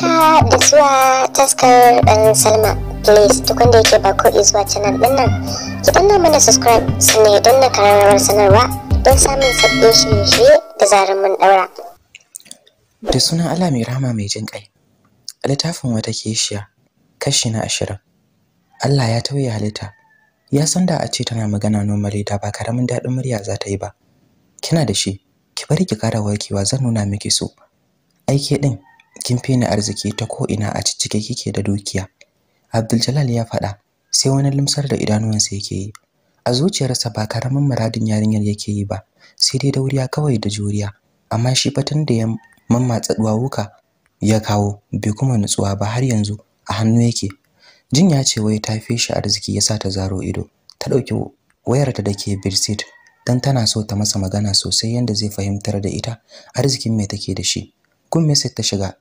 haka da zuwa taskar dan salma please duk wanda yake ba ko zuwa canal din nan ki danna mana subscribe sannan ya danna karamar sanarwa don samun sabbin shirye-shirye da zarar mun daura da sunan Allah mai rahama mai jin kai littafin wata keshiya kashi na ashirin Allah ya tauye halitta ya san da a ce tana magana normally da ba karamin daɗin murya za ta yi ba kina da shi ki bari ki kara warkewa zan nuna miki so aike din kin fi arziki ta ko ina a cike kike da dukiya Abdul ya faɗa sai wani limsar da idanuwansa yake yi a zuciyarsa ba karamin muradin yarinyar yake yi ba sai dai dauriya kawai da juriya amma shi batan da ya mammatsa duwawuka ya kawo bai kuma nutsuwa ba har yanzu a hannu yake jin ya ce wai ta fi shi arziki yasa ta zaro ido ta dauki wayarta da ke Birsit dan tana so ta masa magana sosai yanda zai fahimtar da ita arzikin mai take da shi kun message ta shiga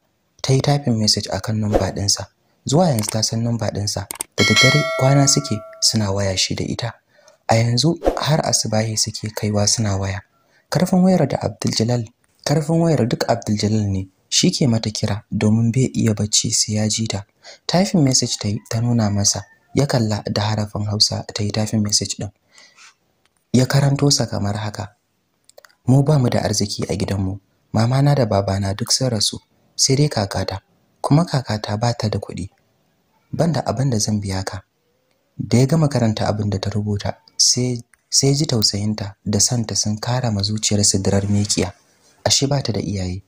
ta yi typing message akan number ɗinsa zuwa yanzu ta san number ɗinsa da daddare kwana suke suna waya shi da ita a yanzu har asibahi suke kaiwa suna waya karfin wayar da Abdul karfin wayar duk Abdul ne shi ke mata kira domin bai iya bacci sai ya ji ta typing message ta yi ta nuna masa ya kalla da harafin Hausa ta yi typing message din ya karanto sa kamar haka mu ba mu da arziki a gidanmu mama na da babana duk sun rasu sai dai kakata kuma kakata ba ta da kuɗi banda abin da zan biya ka da ya gama karanta abin da ta rubuta sai ji tausayinta da santa sun kara ma zuciyar sidirar mekiya ashe ba ta da iyaye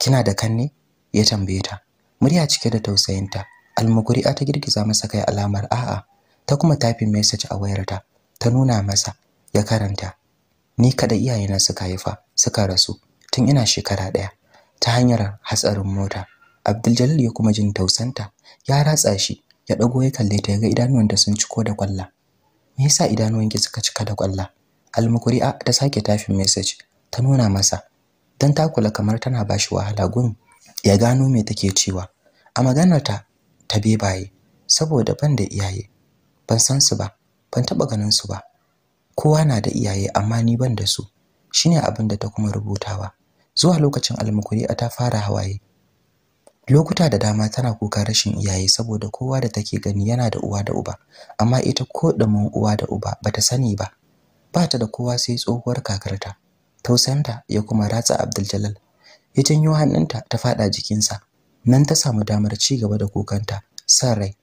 kina da kanne ya tambaye ta murya cike da tausayinta almuguri'a ta girgiza masa kai alamar a'a ta kuma tafi message a wayarta ta nuna masa ya karanta ni kada iyayena suka haifa suka rasu tun ina shekara ɗaya ta hanyar hatsarin mota Abdul ya kuma jin tausanta ya ratsa shi ya dago ya kalle ta ga da sun ci ko da kwalla me yasa idanuwan ki suka cika da kwalla almukuri'a ta sake tafin message ta nuna masa dan ta kula kamar tana ba shi wahala gun ya gano me take cewa a maganar ta ta bebaye saboda ban da iyaye ban san su ba ban taba ganin su ba kowa na da iyaye amma ni ban da su shine abin da ta kuma rubutawa zuwa lokacin almukuri'a ta fara hawaye lokuta da dama tana kuka rashin iyaye saboda kowa da take gani yana da uwa da uba amma ita ko mun uwa da uba bata sani ba bata da kowa sai tsohuwar kakarta tausanta ya kuma ratsa Abdul ya janyo hannunta ta fada jikinsa nan ta samu damar ci gaba da kukanta san rai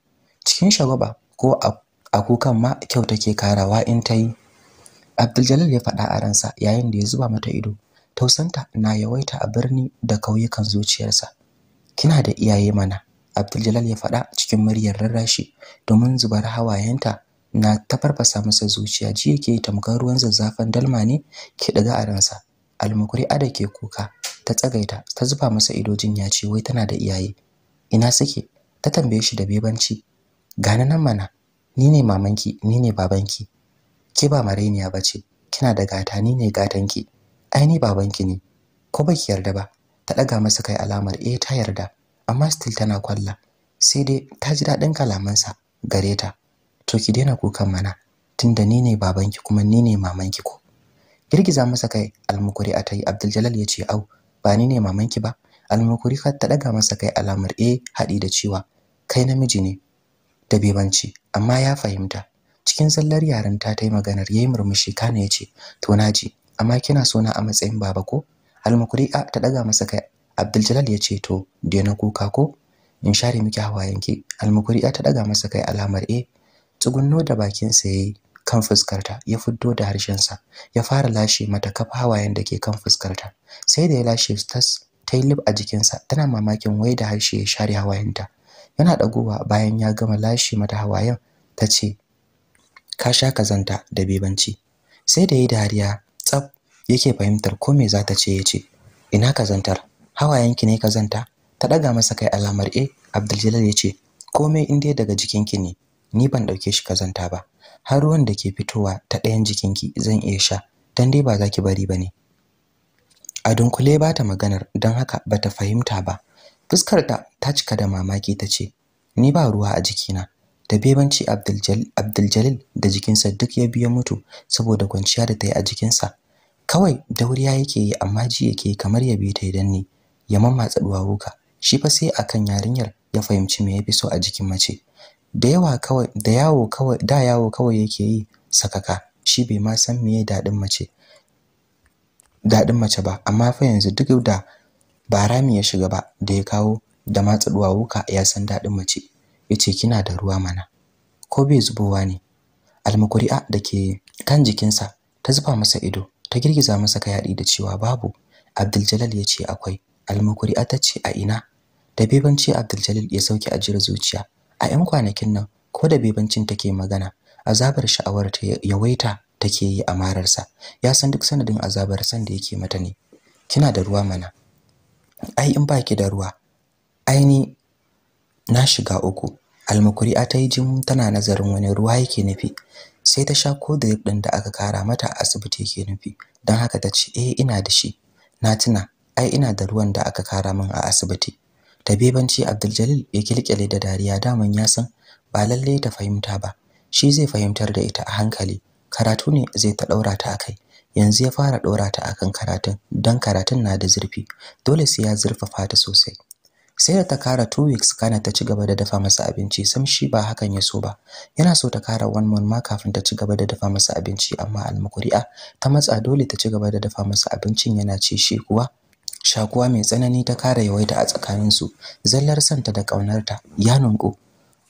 cikin shagwaba ko a kukan ma kyau take karawa in ta yi Abdul ya faɗa a ransa yayin da ya zuba mata ido tausanta na yawaita a birni da kauyukan zuciyarsa kina da iyaye mana Abdul ya faɗa cikin muryar rarrashi domin zubar hawayenta na tafarfasa masa zuciya ji yake tamkar ruwan zazzafan dalma ne ke daga a ransa almukuri ada ke kuka ta tsagaita ta zuba masa ido jin ya ce wai tana da iyaye ina suke ta tambaye shi da bebanci gana nan mana ni ne mamanki ni ne babanki ke ba mareniya bace kina da gata ni ne gatanki ai ni babanki ne ko baki yarda ba ta daga masa kai alamar eh ta yarda amma still tana kwalla sai dai ta ji dadin kalamansa gare ta to ki daina kukan mana tunda ni ne babanki kuma ni ne mamanki ko girgiza masa kai almukuri a tai abdul jalal ya ce au ba ni ne mamanki ba almukuri har ta daga masa kai alamar eh hadi da cewa kai namiji ne da bebanci amma ya fahimta cikin sallar yaran ta ta yi maganar yayi murmushi kana ya ce to naji amma kina so a matsayin baba ko almukuri'a ta daga masa kai abdul ya ce to daina kuka ko in share miki hawayenki almukuri'a ta daga masa kai alamar e tsugunno da bakinsa yayi kan fuskarta ya fuddo da harshensa ya fara lashe mata kaf hawayen da ke kan fuskarta sai da ya lashe tas ta yi lib a jikinsa tana mamakin wai da harshe ya share hawayenta yana dagowa bayan ya gama lashe mata hawayen ta ce ka sha kazanta da bebanci sai da yi dariya tsaf yake fahimtar ko me za ta ce ya ce ina kazantar hawayenki ne kazanta ta ɗaga masa kai alamar e abdul ya ce komai in dai daga jikinki ne ni ban ɗauke shi kazanta ba har ruwan da ke fitowa ta ɗayan jikinki zan iya sha dan dai ba za ki bari ba ne a dunkule ba ta maganar don haka ba ta fahimta ba fuskarta ta cika da mamaki ta ce ni ba ruwa a jikina da bebanci Abdul da jikinsa duk ya biya mutu saboda kwanciya da ta yi a jikinsa kawai dauriya yake yi amma ji yake kamar ya bi ta idan ne ya mamatsa duwawuka shi fa sai akan yarinyar ya fahimci me yafi so a jikin mace da yawa kawai da yawo kawai da yawo kawai yake yi sakaka shi bai ma san meye dadin mace dadin mace ba amma fa yanzu duk da barami ya shiga ba da ya kawo da matsa duwawuka ya san dadin mace yace kina da ruwa mana ko bai zubowa ne almakuri'a da ke kan jikinsa ta zuba masa ido ta girgiza masa ka yaɗi da cewa babu abdul ya ce akwai almakuri'a ta ce a ina da bebanci abdul ya sauke a jira zuciya a 'yan kwanakin nan ko da bebancin take magana azabar sha'awar ta yawaita take yi a mararsa ya san duk sanadin azabar san da yake mata ne kina da ruwa mana ai in baki da ruwa ai na shiga uku almukuri'a ta yi jin tana nazarin wani ruwa yake nufi sai ta sha ko drip ɗin da aka kara mata a asibiti yake nufi don haka ta ce eh ina da shi na tuna ai ina da ruwan da aka kara min a asibiti ta bebanci abdul ya kilkile da dariya daman ya san ba lalle ta fahimta ba shi zai fahimtar da ita a hankali karatu ne zai ta ɗaura ta akai yanzu ya fara ɗaura ta akan karatun don karatun na da zurfi dole sai ya zurfafa ta sosai sai da ta kara 2 weeks kana ta ci gaba da dafa masa abinci sam shi ba hakan ya so ba yana so ta kara 1 month ma kafin ta ci gaba da dafa masa abinci amma almukuri'a ta matsa dole ta ci gaba da dafa masa abincin yana ci shi kuwa shakuwa mai tsanani ta kara yawaita a tsakanin su zallar santa da ƙaunarta ya nunko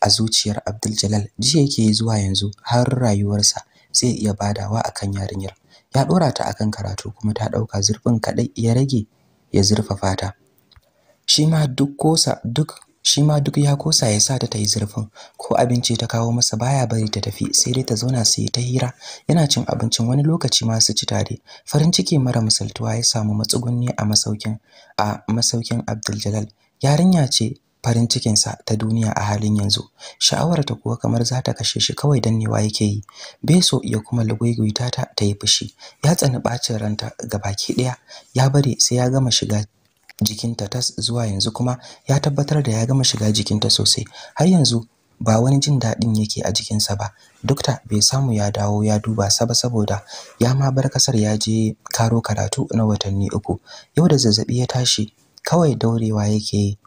a zuciyar Abdul Jalal ji yake zuwa yanzu har rayuwarsa zai iya badawa akan yarinyar ya dora ta akan karatu kuma ta dauka zurfin kadai ya rage ya zurfafa ta shi ma duk kosa duk shi duk ya kosa ya sa ta yi zurfin ko abinci ta kawo masa baya bari ta tafi sai dai ta zauna sai ta hira yana cin abincin wani lokaci ma su ci tare farin ciki mara misaltuwa ya samu matsugunni a masaukin a masaukin Abdul yarinya ce farin cikin sa ta duniya a halin yanzu Sha'awar ta kuwa kamar za ta kashe shi kawai dan newa yake yi beso ya kuma lugwaigwaita ta ta yi fushi ya tsani bacin ranta gabaki daya ya bari sai ya gama shiga jikinta tas zuwa yanzu kuma ya tabbatar da ya gama shiga jikinta sosai har yanzu ba wani jin daɗin yake a jikinsa ba dokta bai samu ya dawo ya duba saba saboda ya ma bar kasar ya je karo karatu na watanni uku yau da zazzabi ya tashi kawai daurewa yake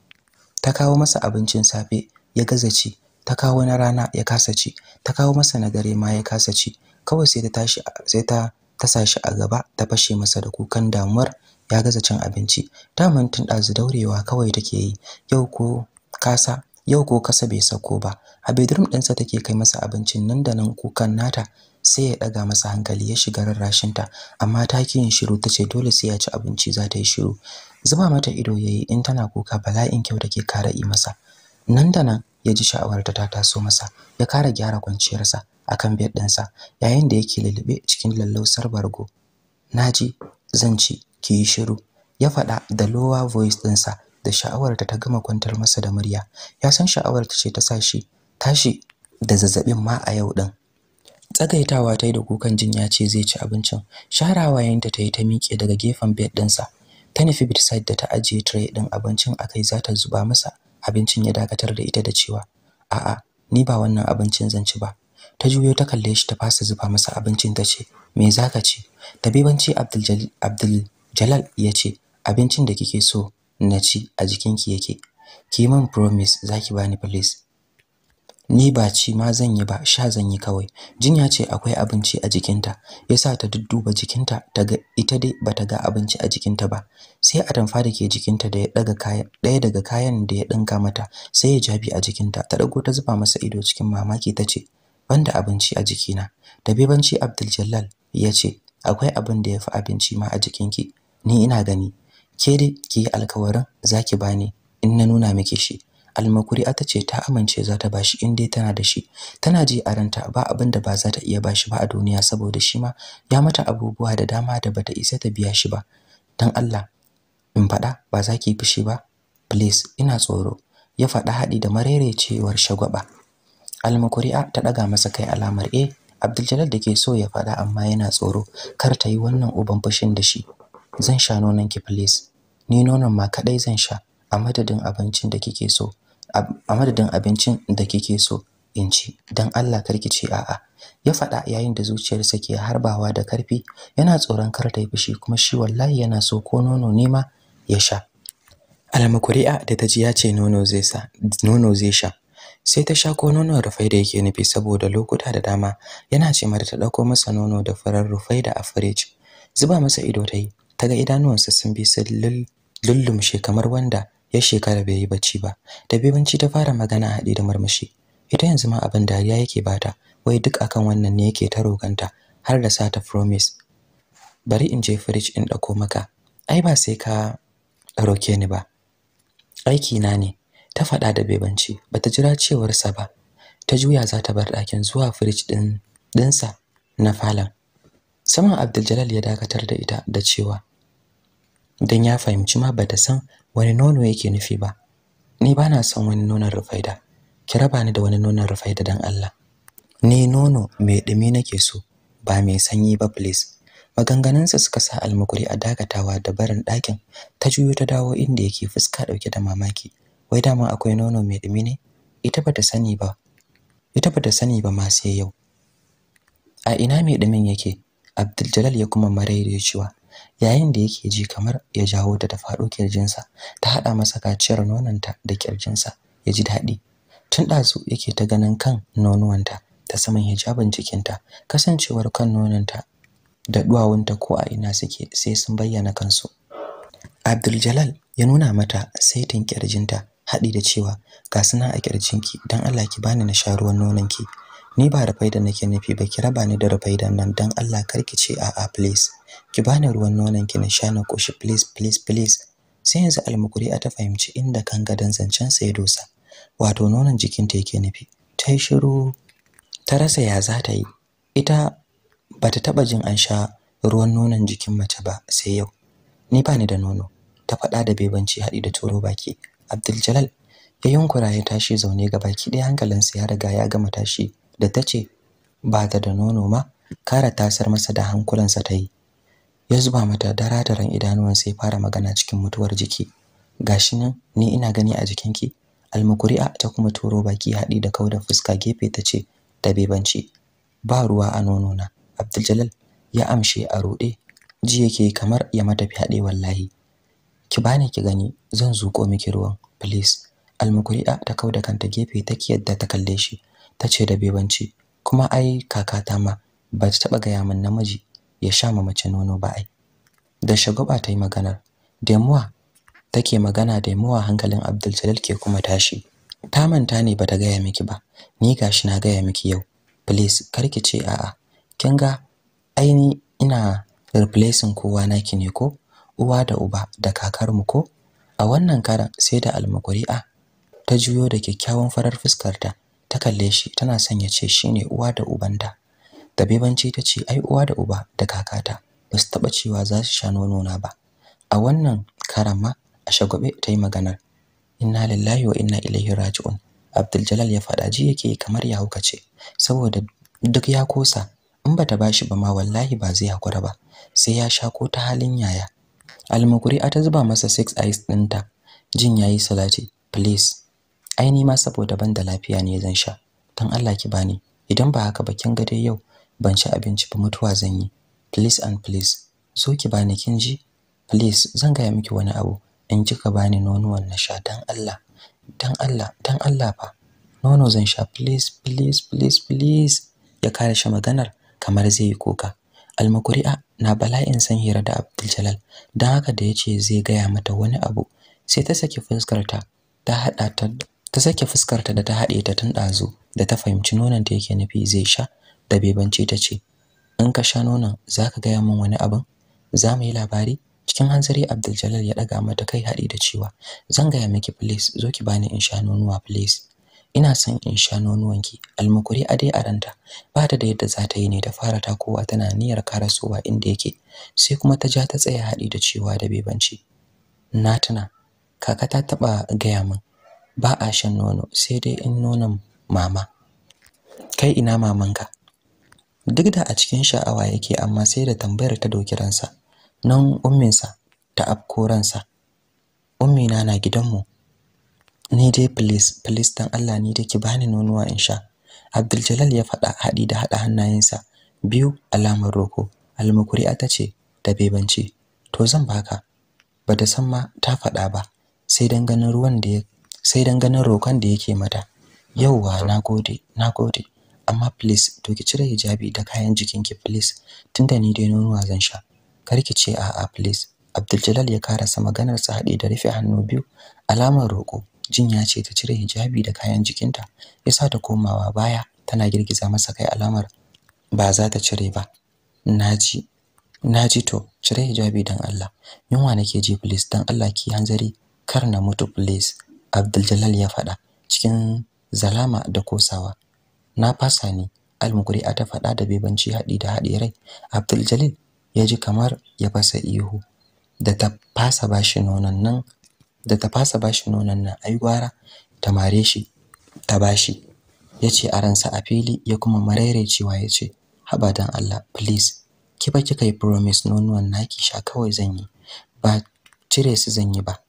ta kawo masa abincin safe ya gaza ci ta kawo na rana ya kasa ci ta kawo masa na gare ma ya kasa ci kawai sai ta tashi sai ta ta sashi a gaba ta fashe masa da kukan damuwar ya gaza cin abinci daman tun ɗazu daurewa kawai take yi yau ko kasa yau ko kasa bai sako ba a bedroom ɗinsa take kai masa abincin nan da nan kukan nata sai ya ɗaga masa hankali ya shiga rarrashin ta amma ta ki yin shiru tace dole sai ya ci abinci za ta yi shiru zuba mata ido yayi in tana kuka bala'in kyau take kara yi masa nan da nan ya ji sha'awarta ta taso masa ya kara gyara kwanciyarsa akan bed ɗinsa yayin da yake lulluɓe cikin lallausar bargo naji zan ci ki yi shiru ya faɗa da lower voice ɗinsa da sha'awarta ta gama kwantar masa da murya ya san sha'awarta ce ta sa shi tashi da zazzabin ma a yau ɗin tsagaitawa ta yi da kukan jin ya ce zai ci abincin sharawa yayinta ta yi ta miƙe daga gefen bed ɗinsa ta nufi bedside da ta ajiye tray din abincin akai kai za ta zuba masa abincin ya dakatar da ita da cewa a'a ni ba wannan abincin zan ci ba ta juyo ta kalle shi ta fasa zuba masa abincin ta ce me zaka ci tabibanci abdul abdul Jalal ya ce abincin da kike so na ci a jikinki yake ki man promise zaki bani please ni ba ci ma zan yi ba sha zan yi kawai jinya ce akwai abinci a jikinta ya sa ta dudduba jikinta ita dai ba ta ga abinci a jikinta ba sai a tamfa da ke jikinta da ya daga daga kayan da ya dinka mata sai ya jabi a jikinta ta dago ta zuba masa ido cikin mamaki ta ce, banda abinci a jikina da banci Abdul Jalal ya ce akwai abin da fi abinci ma a jikinki ni ina gani ke dai ki yi alkawarin zaki bani in na nuna miki shi almakuri'a ta ce ta amince za ta bashi in dai tana da shi tana ji a ranta ba abin da ba za ta iya bashi ba a duniya saboda shi ma ya mata abubuwa da dama da bata isa ta biya shi ba dan Allah in faɗa ba za ki fushi ba please ina tsoro ya faɗa haɗi da cewar shagwaba almakuri'a ta daga masa kai alamar eh Abdul da ke so ya faɗa amma yana tsoro kar ta yi wannan uban fushin da shi zan sha nonon ki please ni nonon ma kadai zan sha a madadin abincin da kike so a madadin abincin da kike so in ci dan Allah karki ce a'a ya faɗa yayin da zuciyar sa ke harbawa da karfi yana tsoron kar ta yi fushi kuma shi wallahi yana so ko nono ne ma ya sha almakuri'a da ta ji ya ce nono zai sa nono zai sha sai ta sha ko nonon rufai da yake nufi saboda lokuta da dama yana ce mata ta dauko masa nono da farar rufai da a fridge zuba masa ido ta yi ta ga idanuwansa sun bi su lullumshe kamar wanda ya shekara bai yi bacci ba da bebanci ta fara magana haɗi da murmushi ita yanzu ma abin dariya yake bata wai duk akan wannan ne yake ta roganta har da sata promise bari in je fridge in ɗauko maka ai ba sai ka roke ni ba aiki na ne ta faɗa da bebanci bata jira cewarsa ba ta juya za ta bar ɗakin zuwa fridge ɗin ɗinsa na falon saman Abdul ya dakatar da ita da cewa dan ya fahimci ma bata san wani nono yake nufi ba ni bana son wani nonon rufaida ki raba ni da wani nonon rufaida dan Allah ni nono mai dumi nake so ba mai sanyi ba please maganganunsa suka sa almukuri a dakatawa da barin ɗakin ta juyo ta dawo inda yake fuska ɗauke da mamaki wai dama akwai nono mai dumi ne ita bata sani ba ita bata sani ba ma sai yau a ina mai dumin yake Abdul ya kuma cewa yayin da yake ji kamar ya jawo ta ta faɗo kirjinsa ta haɗa masa kaciyar nonon ta da kirjinsa ya ji daɗi tun ɗazu yake ta ganin kan nonuwanta ta saman hijabin jikinta kasancewar kan nonon ta da duwawunta ko a ina suke sai sun bayyana kansu Abdul ya nuna mata saitin kirjinta haɗi da cewa ga suna a kirjinki don Allah ki bani na sha ruwan nononki ni ba rufaida nake nufi ba ki raba ni da rufaidan nan dan Allah kar ki ce a please ki bani ruwan nonon ki na shana na koshi please please please sai yanzu almukuri ta fahimci inda kan gadan zancen sai dosa wato nonon jikinta yake nufi ta yi shiru ta rasa ya za ta yi ita ba ta taba jin an sha ruwan nonon jikin mace ba sai yau ni bani da nono ta faɗa da bebanci haɗi da turo baki Abdul Jalal ya yunkura ya tashi zaune ga baki ɗaya hankalinsa ya riga ya gama tashi da ta ce ba ta da nono ma kara tasar masa da hankulansa ta yi ya zuba mata dara daradaran idanuwan sai fara magana cikin mutuwar jiki gashi nan ni ina gani a jikinki almukuri'a ta kuma turo baki haɗi da kauda fuska gefe ta ce da bebanci ba ruwa a nono na abdul ya amshe a ruɗe ji yake kamar ya mata haɗe wallahi ki bani ki gani zan zuƙo miki ruwan please almukuri'a ta kauda kanta gefe ta kiyar yadda ta kalle shi Ta ce da bebanci kuma ai kakata ma ba ta taba gaya min namiji ya sha ma mace nono ba ai da shagaba ta yi maganar demuwa take magana demuwa hankalin Abdul ke kuma tashi ta manta ne bata gaya miki ba ni gashi na gaya miki yau please ki ce a'a kin ga aini ina replacing kowa naki ne ko uwa da uba da kakarmu ko a wannan karan sai da almakuri'a ta juyo da kyakkyawan farar fuskarta ta kalle shi tana son ya ce shine uwa da ubanta da ta ce ai uwa da uba da kakata ba su taɓa cewa za su sha nono na ba a wannan karama a shagwabe ta yi magana. inna lillahi wa inna ilaihi raji'un abdul ya faɗa ji yake kamar ya hukace saboda duk ya kosa in bata bashi ba ma wallahi ba zai hakura ba sai ya sha ko ta halin yaya almukuri ta zuba masa six eyes ɗinta jin yayi salati please ai ni ma saboda ban da lafiya ne zan sha dan Allah ki bani idan ba haka ba kin ga dai yau ban ci abinci ba mutuwa zan yi please and please so ki bani kin ji please zan gaya miki wani abu in kika bani nonuwan na sha dan Allah dan Allah dan Allah fa nono zan sha please please please please ya kare shi maganar kamar zai yi kuka almakuri'a na bala'in san hira da Abdul Jalal dan haka da yace zai gaya mata wani abu sai ta saki fuskar ta ta hada ta ta sake fuskarta da ta haɗe ta tun ɗazu da ta fahimci nonon ta yake nufi zai sha da bebance ta ce in ka sha nonon za ka gaya min wani abin za mu yi labari cikin hanzari abdul ya ɗaga mata kai haɗi da cewa zan gaya miki please zo ki bani in sha nonuwa please ina son in sha ki, almukuri a dai a ranta ba ta da yadda za ta yi ne ta fara takowa tana niyyar karasowa inda yake sai kuma ta ja ta tsaya haɗi da cewa da bebanci na tuna kaka ta taɓa gaya min ba a shan nono sai dai in nonon mama kai ina mamanka duk da a cikin sha'awa yake amma sai da tambayar ta doki ransa nan umminsa ta afko ransa ummina na gidanmu ni dai please please dan Allah ni dai ki bani nonuwa in sha Abdul ya faɗa haɗi da haɗa hannayensa biyu alamar roko almukuri ta ce da bebanci to zan baka bata san ma ta faɗa ba sai dan ganin ruwan da ya sai dan ganin roƙon da yake mata yauwa nagode nagode amma please to ki cire hijabi da kayan jikinki please tunda ni dai nonuwa zan sha kar ki ce a'a please Abdul ya karasa maganar sa hade da rufe hannu biyu alamar roƙo jinya ce ta cire hijabi da kayan jikinta yasa ta komawa baya tana girgiza masa kai alamar ba za ta cire ba naji naji to cire hijabi dan Allah yunwa nake ji please dan Allah ki hanzari kar na mutu please Abdul ya faɗa cikin zalama da kosawa. Na fasa ne, a ta faɗa da bebanci haɗi da haɗe rai. Abdul ya ji kamar ya fasa ihu da ta fasa bashi nonon nan da ta fasa bashi nonon nan ai gwara ta mare shi ta bashi ya ce a ransa a fili ya kuma cewa ya ce. haba don Allah please ki kika yi promise nonuwan naki sha kawai zan yi ba cire su zan yi ba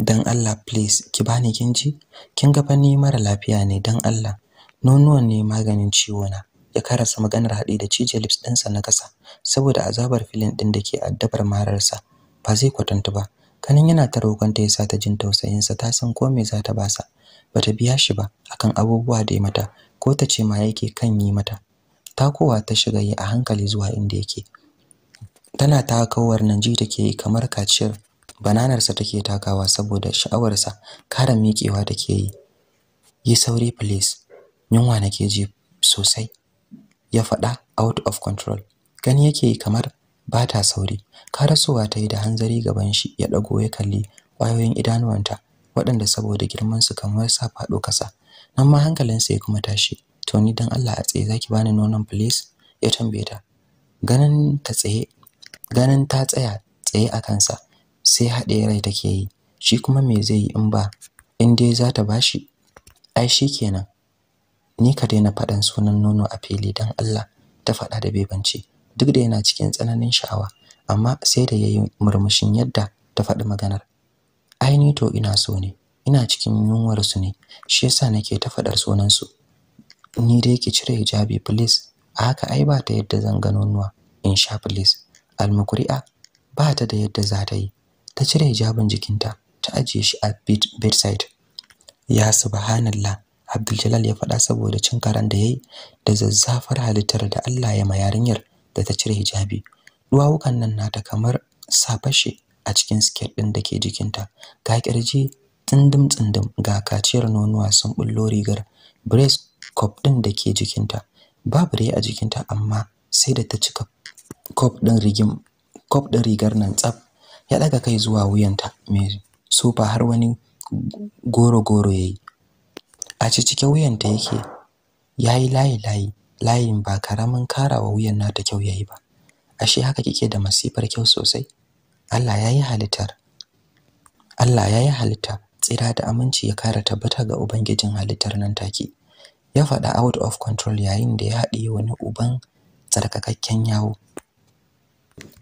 dan Allah please ki bani kin ji? kin ga ni mara lafiya ne dan Allah nonuwan ne maganin ciwo na ya karasa maganar haɗi da cije lips ɗinsa na kasa saboda azabar filin ɗin da ke addabar mararsa ba zai kwatanta ba kanin yana ta roƙonta yasa ta jin tausayinsa ta san ko me za ta basa bata biya shi ba akan abubuwa da ya mata ko ta ce ma yake kan yi mata Ta kowa ta shiga yi a hankali zuwa inda yake tana ta kawar nan ji take yi kamar kaciyar bananarsa take takawa saboda sha'awarsa kara miƙewa take yi yi sauri please yunwa nake ji sosai ya faɗa out of control gani yake kamar ba ta sauri karasowa ta yi da hanzari gaban shi ya ɗago ya kalli ƙwayoyin idanuwanta waɗanda saboda girmansu kamar sa faɗo kasa nan ma hankalinsa ya kuma tashi to ni dan Allah a tsaye zaki bani nonon please ya tambaye ta ganin ta tsaye ganin ta tsaya tsaye a kansa sai haɗe rai take yi shi kuma me zai yi in ba in dai za ta bashi ai shi kenan. ni ka daina faɗan sunan nono a fili dan Allah ta faɗa da bebanci duk da yana cikin tsananin sha'awa amma sai da yayi murmushin yadda ta faɗi maganar ai ni to ina so ne ina cikin yunwar su ne shi yasa nake ta faɗar sunan su ni dai ki cire hijabi please a haka ai ba ta yadda zan ga nonuwa in sha please almukuri'a ba ta da yadda za ta yi ta cire hijabin jikinta ta ajiye shi a bedside ya subhanallah Abdul ya faɗa saboda cin karan da yayi da zazzafar halittar da Allah ya ma yarinyar da ta cire hijabi duwawukan nan nata kamar safashe a cikin skirt din dake jikinta ga kirji tsindim tsindim ga kaciyar nonuwa sun bullo rigar breast cup da ke jikinta babu rai a jikinta amma sai da ta cika cup ɗin rigim cup din rigar nan tsaf ya daga kai zuwa wuyanta mai sofa har wani goro-goro ya yi a cicike wuyanta yake ya yi layi-layi layin ba karamin karawa wuyan nata kyau ya yi ba ashe haka kike da masifar kyau sosai Allah ya yi halittar Allah ya yi halitta tsira da aminci ya kara tabbata ga ubangijin halittar nan take ya faɗa out of control yayin da ya haɗiye wani uban tsarkakakken yawo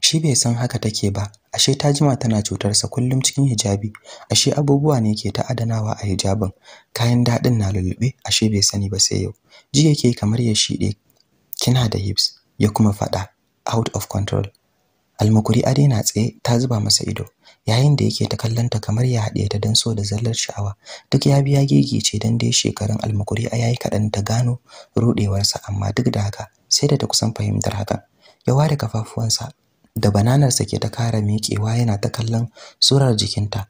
shi bai san haka take ba ashe ta jima tana cutarsa kullum cikin hijabi ashe abubuwa ne ke ta adanawa a hijabin kayan daɗin na lulluɓe ashe bai sani ba sai yau ji yake kamar ya shide kina da hips ya kuma faɗa out of control almukuri ade na tsaye ta zuba masa ido yayin da yake ta kallanta kamar ya haɗe ta don so da zallar sha'awa duk ya biya ce don dai shekarun almukuri a yayi kaɗan ta gano ruɗewarsa amma duk da haka sai da ta kusan fahimtar hakan ya ware kafafuwansa da bananarsa ke ta kara miƙewa yana ta kallon surar jikinta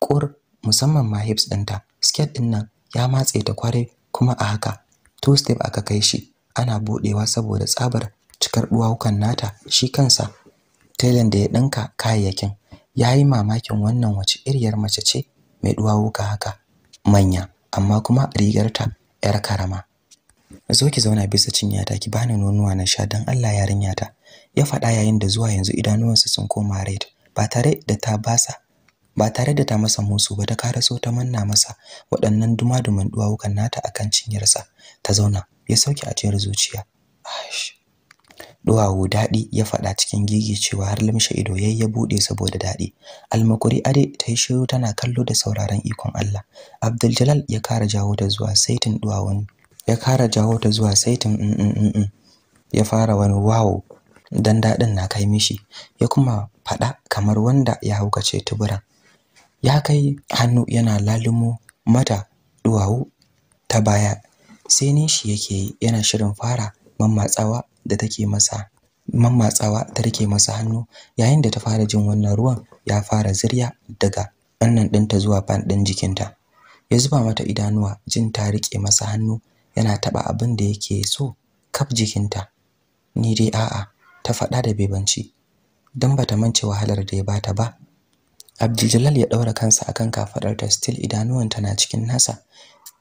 ƙur musamman ma hips ɗinta skirt ɗin nan ya matse ta kware kuma a haka two step aka kai shi ana buɗewa saboda tsabar cikar duwawukan nata shi kansa tailan da ya ɗinka kayayyakin ya yi mamakin wannan wace iriyar mace ce mai ɗuwawuka haka manya amma kuma rigarta yar karama zo ki zauna bisa cinyata ki bani nonuwa na sha don Allah yarinyata ya faɗa yayin da zuwa yanzu idanuwansa sun koma red ba tare da ta basa ba tare da ta masa musu ba ta karaso ta manna masa waɗannan dumaduman duwawukan nata a kan cinyarsa ta zauna ya sauke a ajiyar zuciya duwawu daɗi ya faɗa cikin gigi cewa har lamshe ido yayi ya buɗe saboda daɗi almakuri ade ta yi shiru tana kallo da sauraron ikon Allah Abdul Jalal ya kara jawo ta zuwa saitin duwawun ya kara jawo ta zuwa saitin mm, mm, mm, ya fara wani wow dan daɗin na kai mishi ya kuma faɗa kamar wanda ya haukace tuburan ya kai hannu yana lalumo mata duwawu ta baya sai ne shi yake yana shirin fara mammatsawa da take masa mammatsawa ta rike masa hannu yayin da ta fara jin wannan ruwan ya fara zirya daga wannan ɗinta zuwa fan ɗin jikinta ya zuba mata idanuwa jin ta rike masa hannu yana taɓa abin da yake so kaf jikinta ni dai a'a ta faɗa da bebanci don ba ta mance wahalar da ya bata ba Abdul ya ɗaura kansa akan ta still idanuwanta na cikin nasa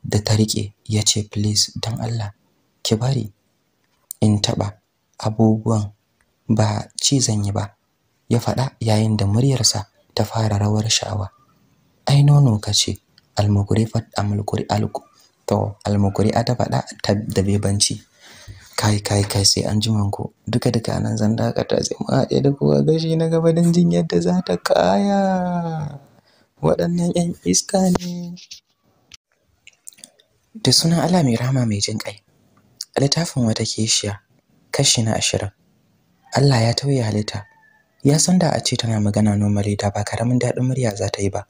da ta riƙe, ya ce please don Allah ki bari in taɓa abubuwan ba ci yi ba ya faɗa yayin da muryarsa ta fara rawar sha'awa ai nono ka ce fat almuguri alku to a ta faɗa da bebanci kai kai kai sai an ji duka duka nan zan dakata sai mu haɗe da kowa gashi na gaba don jin yadda za ta kaya waɗannan 'yan iska ne da sunan Allah mai rahama mai jin ƙai littafin wata keshiya kashi na ashirin Allah ya tauye halitta ya san da a ce tana magana normally da ba karamin daɗin murya za ta yi ba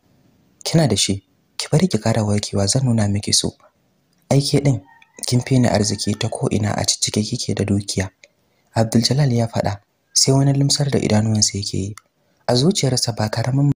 kina da shi ki bari ki kara warkewa zan nuna miki so aike ɗin. kin fi ni arziki ta ko ina a cikike kike da dukiya Abdul ya faɗa sai wani limsar da idanuwansa yake yi a zuciyarsa ba karamin